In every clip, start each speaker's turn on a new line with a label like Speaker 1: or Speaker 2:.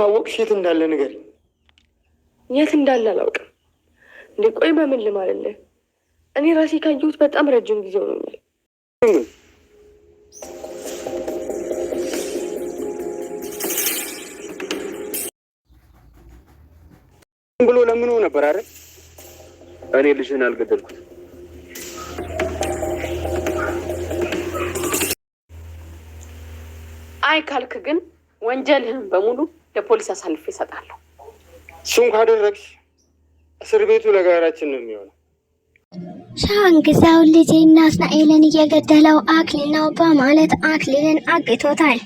Speaker 1: ካወቅሽ የት እንዳለ ንገሪ።
Speaker 2: የት እንዳለ አላውቅም። እንዴ ቆይ በምን ልማልልህ? እኔ ራሴ ካየሁት በጣም ረጅም ጊዜ ሆኖኛል።
Speaker 1: ብሎ ለምኖ ነበር አይደል? እኔ ልጅህን አልገደልኩት።
Speaker 2: አይ ካልክ ግን ወንጀልህን በሙሉ ለፖሊስ አሳልፎ ይሰጣሉ
Speaker 1: እሱን ካደረግሽ እስር ቤቱ ለጋራችን ነው የሚሆነው።
Speaker 3: ሻንግዛው ልጄና እስራኤልን እየገደለው አክሊል ነው በማለት አክሊልን አግቶታል።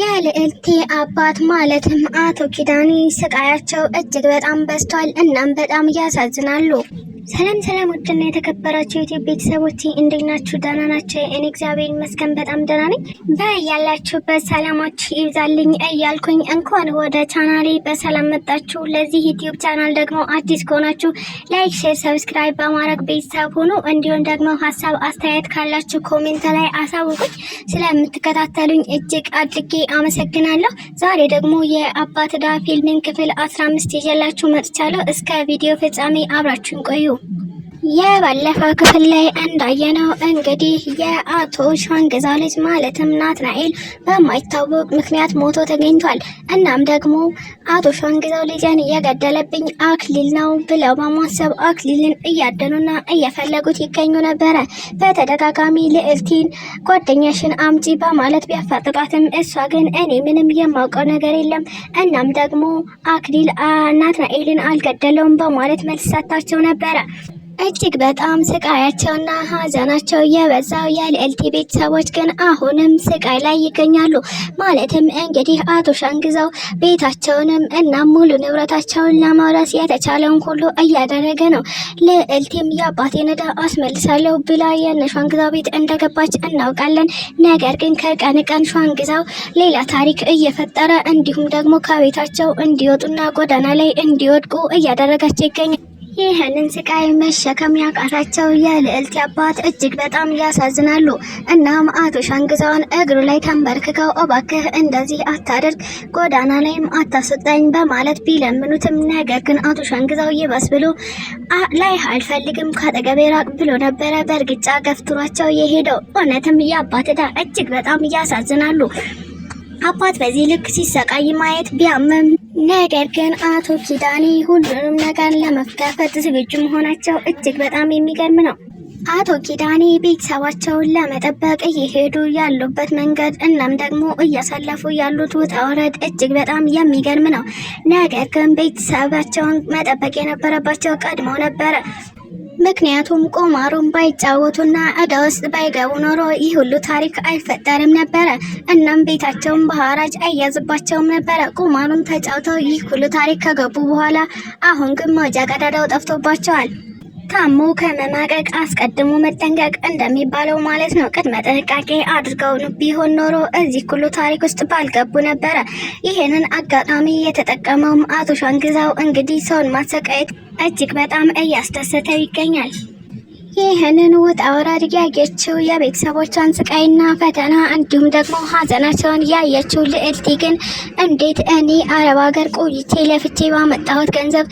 Speaker 3: የልዕልቴ አባት ማለትም አቶ ኪዳኔ ስቃያቸው እጅግ በጣም በዝቷል። እናም በጣም ያሳዝናሉ። ሰላም ሰላም፣ ውድና የተከበራችሁ ዩቲዩብ ቤተሰቦች እንዴት ናችሁ? ደህና ናቸው። እኔ እግዚአብሔር ይመስገን በጣም ደህና ነኝ። በያላችሁበት ሰላማችሁ ይብዛልኝ እያልኩኝ እንኳን ወደ ቻናሌ በሰላም መጣችሁ። ለዚህ ዩቲዩብ ቻናል ደግሞ አዲስ ከሆናችሁ ላይክ፣ ሼር፣ ሰብስክራይብ በማድረግ ቤተሰብ ሆኑ። እንዲሁም ደግሞ ሀሳብ አስተያየት ካላችሁ ኮሜንት ላይ አሳውቁኝ። ስለምትከታተሉኝ እጅግ አድርጌ አመሰግናለሁ። ዛሬ ደግሞ የአባት ዕዳ ፊልምን ክፍል አስራ አምስት ይዤላችሁ መጥቻለሁ። እስከ ቪዲዮ ፍጻሜ አብራችሁን ቆዩ። የባለፈው ክፍል ላይ እንዳየነው እንግዲህ የአቶ ሻንገዛ ልጅ ማለትም ናትናኤል በማይታወቅ ምክንያት ሞቶ ተገኝቷል። እናም ደግሞ አቶ ሻንገዛው ልጅን የገደለብኝ አክሊል ነው ብለው በማሰብ አክሊልን እያደኑና እየፈለጉት ይገኙ ነበረ። በተደጋጋሚ ልዕልቲን ጓደኛሽን አምጪ በማለት ቢያፋጥጣትም እሷ ግን እኔ ምንም የማውቀው ነገር የለም እናም ደግሞ አክሊል ናትናኤልን አልገደለውም በማለት መልስ ሰጥታቸው ነበረ። እጅግ በጣም ስቃያቸውና ሀዘናቸው የበዛው የልዕልት ቤተሰቦች ግን አሁንም ስቃይ ላይ ይገኛሉ። ማለትም እንግዲህ አቶ ሸንግዛው ቤታቸውንም እና ሙሉ ንብረታቸውን ለማውረስ የተቻለውን ሁሉ እያደረገ ነው። ልዕልትም የአባቴን ዕዳ አስመልሳለሁ ብላ የነ ሸንግዛው ቤት እንደገባች እናውቃለን። ነገር ግን ከቀን ቀን ሸንግዛው ሌላ ታሪክ እየፈጠረ እንዲሁም ደግሞ ከቤታቸው እንዲወጡና ጎዳና ላይ እንዲወድቁ እያደረጋቸው ይገኛል። ይህንን ስቃይ መሸከም ያቃታቸው የልዕልት አባት እጅግ በጣም ያሳዝናሉ። እናም አቶ ሻንግዛውን እግሩ ላይ ተንበርክከው እባክህ እንደዚህ አታደርግ፣ ጎዳና ላይም አታስወጣኝ በማለት ቢለምኑትም ነገር ግን አቶ ሻንግዛው ይበስ ብሎ ላይ አልፈልግም፣ ካጠገቤ ራቅ ብሎ ነበረ በእርግጫ ገፍትሯቸው የሄደው። እውነትም የአባት ዕዳ እጅግ በጣም ያሳዝናሉ። አባት በዚህ ልክ ሲሰቃይ ማየት ቢያምም ነገር ግን አቶ ኪዳኔ ሁሉንም ነገር ለመጋፈጥ ዝግጁ መሆናቸው እጅግ በጣም የሚገርም ነው። አቶ ኪዳኔ ቤተሰባቸውን ለመጠበቅ እየሄዱ ያሉበት መንገድ እናም ደግሞ እያሳለፉ ያሉት ውጣ ውረድ እጅግ በጣም የሚገርም ነው። ነገር ግን ቤተሰባቸውን መጠበቅ የነበረባቸው ቀድሞ ነበረ። ምክንያቱም ቁማሩን ባይጫወቱና እዳ ውስጥ ባይገቡ ኖሮ ይህ ሁሉ ታሪክ አይፈጠርም ነበረ። እናም ቤታቸውን በሐራጅ አያዝባቸውም ነበረ። ቁማሩን ተጫውተው ይህ ሁሉ ታሪክ ከገቡ በኋላ አሁን ግን መውጫ ቀዳዳው ጠፍቶባቸዋል። ታሞ ከመማቀቅ አስቀድሞ መጠንቀቅ እንደሚባለው ማለት ነው። ቅድመ ጥንቃቄ አድርገው ቢሆን ኖሮ እዚህ ሁሉ ታሪክ ውስጥ ባልገቡ ነበረ። ይህንን አጋጣሚ የተጠቀመውም አቶ ሻንግዛው እንግዲህ ሰውን ማሰቃየት እጅግ በጣም እያስደሰተው ይገኛል። ይህንን ውጣ ውረድ ያየችው የቤተሰቦቿን ስቃይና ፈተና እንዲሁም ደግሞ ሀዘናቸውን ያየችው ልዕልት ግን እንዴት እኔ አረብ ሀገር ቆይቼ ለፍቼ ባመጣሁት ገንዘብ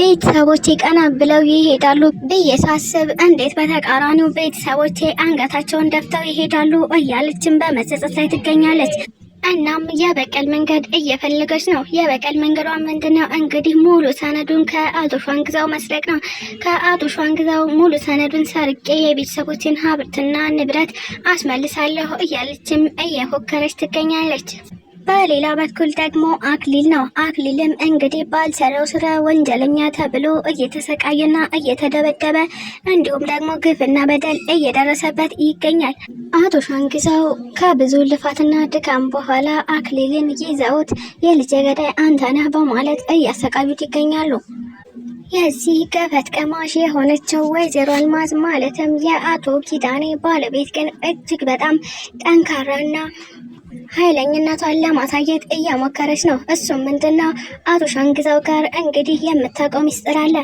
Speaker 3: ቤተሰቦቼ ቀና ብለው ይሄዳሉ ብዬ ሳስብ እንዴት በተቃራኒው ቤተሰቦቼ አንገታቸውን ደፍተው ይሄዳሉ እያለችን በመጸጸት ላይ ትገኛለች። እናም የበቀል መንገድ እየፈለገች ነው። የበቀል መንገዷ ምንድን ነው? እንግዲህ ሙሉ ሰነዱን ከአቶ ሸዋንግዛው መስረቅ ነው። ከአቶ ሸዋንግዛው ሙሉ ሰነዱን ሰርቄ የቤተሰቦችን ሀብትና ንብረት አስመልሳለሁ እያለችም እየፎከረች ትገኛለች። በሌላ በኩል ደግሞ አክሊል ነው። አክሊልም እንግዲህ ባልሰራው ስራ ወንጀለኛ ተብሎ እየተሰቃየና እየተደበደበ እንዲሁም ደግሞ ግፍና በደል እየደረሰበት ይገኛል። አቶ ሻንግዛው ከብዙ ልፋትና ድካም በኋላ አክሊልን ይዘውት የልጄ ገዳይ አንተ ነህ በማለት እያሰቃዩት ይገኛሉ። የዚህ ገፈት ቀማሽ የሆነችው ወይዘሮ አልማዝ ማለትም የአቶ ኪዳኔ ባለቤት ግን እጅግ በጣም ጠንካራና ኃይለኝነቷን ለማሳየት እየሞከረች ነው። እሱም ምንድነው አቶ ሻንግዛው ጋር እንግዲህ የምታውቀው ሚስጥር አለ።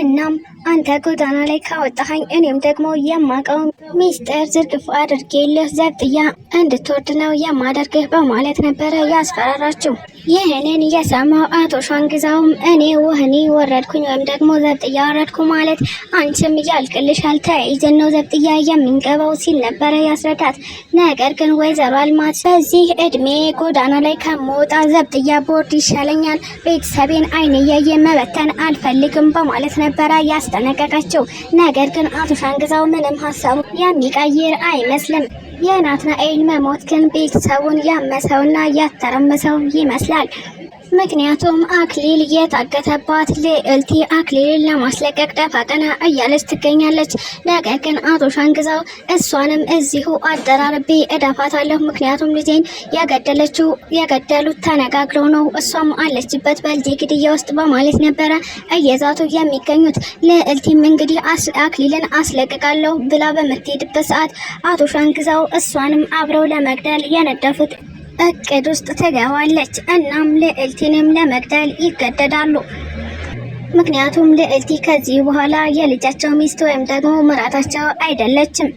Speaker 3: እናም አንተ ጎዳና ላይ ካወጣኸኝ እኔም ደግሞ የማውቀው ሚስጥር ዝርግፍ አድርጌልህ ዘብጥያ እንድትወድ ነው የማደርግህ በማለት ነበረ ያስፈራራችው። ይህንን የሰማው አቶ ሻንግዛውም እኔ ወህኒ ወረድኩኝ ወይም ደግሞ ዘብጥያ ወረድኩ ማለት አንቺም እያልቅልሻል ተያይዘን ነው ዘብጥያ የሚንገባው ሲል ነበረ ያስረዳት። ነገር ግን ወይዘሮ አልማት በዚህ የእድሜ ጎዳና ላይ ከመውጣ ዘብጥያ ቦርድ ይሻለኛል፣ ቤተሰቤን አይን እያየ መበተን አልፈልግም በማለት ነበረ ያስጠነቀቀችው። ነገር ግን አቶ ሻንግዛው ምንም ሀሳቡ የሚቀይር አይመስልም። የናትናኤል መሞት ግን ቤተሰቡን ያመሰውና ያተረመሰው ይመስላል። ምክንያቱም አክሊል የታገተባት ልዕልቲ አክሊልን ለማስለቀቅ ደፋ ቀና እያለች ትገኛለች። ነገር ግን አቶ ሻንግዛው እሷንም እዚሁ አደራርቤ እደፋታለሁ፣ ምክንያቱም ልጄን የገደለችው የገደሉት ተነጋግረው ነው፣ እሷም አለችበት በልጄ ግድያ ውስጥ በማለት ነበረ እየዛቱ የሚገኙት። ልዕልቲም እንግዲህ አክሊልን አስለቅቃለሁ ብላ በምትሄድበት ሰዓት አቶ ሻንግዛው እሷንም አብረው ለመግደል የነደፉት እቅድ ውስጥ ትገባለች። እናም ልዕልቲንም ለመግደል ይገደዳሉ። ምክንያቱም ልዕልቲ ከዚህ በኋላ የልጃቸው ሚስት ወይም ደግሞ ምራታቸው አይደለችም።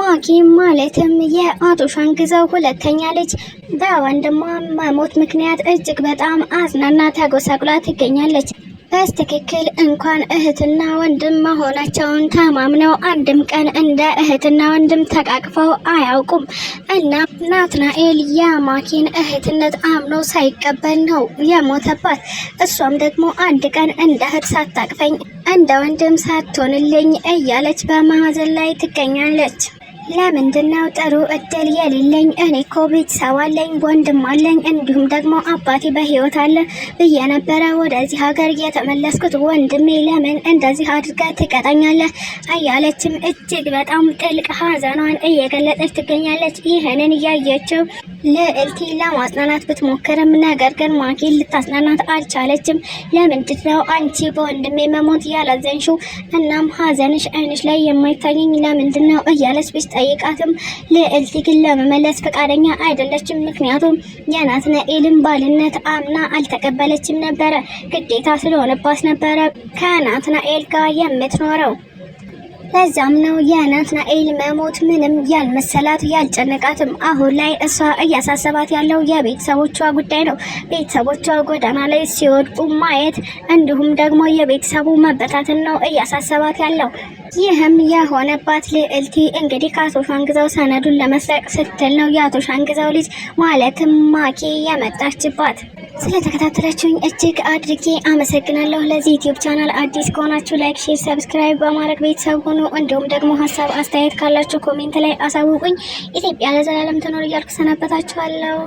Speaker 3: ማኪም ማለትም የአቶ ሸንግዘው ሁለተኛ ልጅ በወንድሟ መሞት ምክንያት እጅግ በጣም አዝናና ተጎሳቁላ ትገኛለች። በስትክክል እንኳን እህትና ወንድም መሆናቸውን ተማምነው አንድም ቀን እንደ እህትና ወንድም ተቃቅፈው አያውቁም። እና ናትናኤል የማኪን እህትነት አምኖ ሳይቀበል ነው የሞተባት። እሷም ደግሞ አንድ ቀን እንደ እህት ሳታቅፈኝ እንደ ወንድም ሳትሆንልኝ እያለች በማዘን ላይ ትገኛለች። ለምንድን ነው ጥሩ እድል የሌለኝ? እኔ እኮ ቤተሰብ አለኝ፣ ወንድም አለኝ፣ እንዲሁም ደግሞ አባቴ በህይወት አለ ብዬ ነበረ ወደዚህ ሀገር የተመለስኩት። ወንድሜ ለምን እንደዚህ አድርገህ ትቀጣኛለህ? እያለችም እጅግ በጣም ጥልቅ ሀዘኗን እየገለጠች ትገኛለች። ይህንን እያየችው ልዕልቲ ለማጽናናት ብትሞክርም ነገር ግን ማኪ ልታጽናናት አልቻለችም። ለምንድን ነው አንቺ በወንድሜ መሞት ያላዘንሽው? እናም ሀዘንሽ አይንሽ ላይ የማይታየኝ ለምንድን ነው እያለች ብትጠይቃትም ልዕልት ግን ለመመለስ ፈቃደኛ አይደለችም። ምክንያቱም የናትናኤልን ባልነት አምና አልተቀበለችም ነበረ፣ ግዴታ ስለሆነባት ነበረ ከናትናኤል ጋር የምትኖረው። ለዛም ነው የናትናኤል መሞት ምንም ያልመሰላት ያልጨነቃትም። አሁን ላይ እሷ እያሳሰባት ያለው የቤተሰቦቿ ጉዳይ ነው። ቤተሰቦቿ ጎዳና ላይ ሲወድቁ ማየት እንዲሁም ደግሞ የቤተሰቡ መበታትን ነው እያሳሰባት ያለው። ይህም የሆነባት ልዕልቲ እንግዲህ ከአቶ ሻንግዛው ሰነዱን ለመስረቅ ስትል ነው የአቶ ሻንግዛው ልጅ ማለትም ማኪ የመጣችባት። ስለተከታተላችሁኝ እጅግ አድርጌ አመሰግናለሁ። ለዚህ ዩቲዩብ ቻናል አዲስ ከሆናችሁ ላይክ፣ ሼር፣ ሰብስክራይብ በማድረግ ቤተሰብ ሆኑ። እንዲሁም ደግሞ ሀሳብ አስተያየት ካላችሁ ኮሜንት ላይ አሳውቁኝ። ኢትዮጵያ ለዘላለም ትኖር እያልኩ ሰናበታችኋለሁ።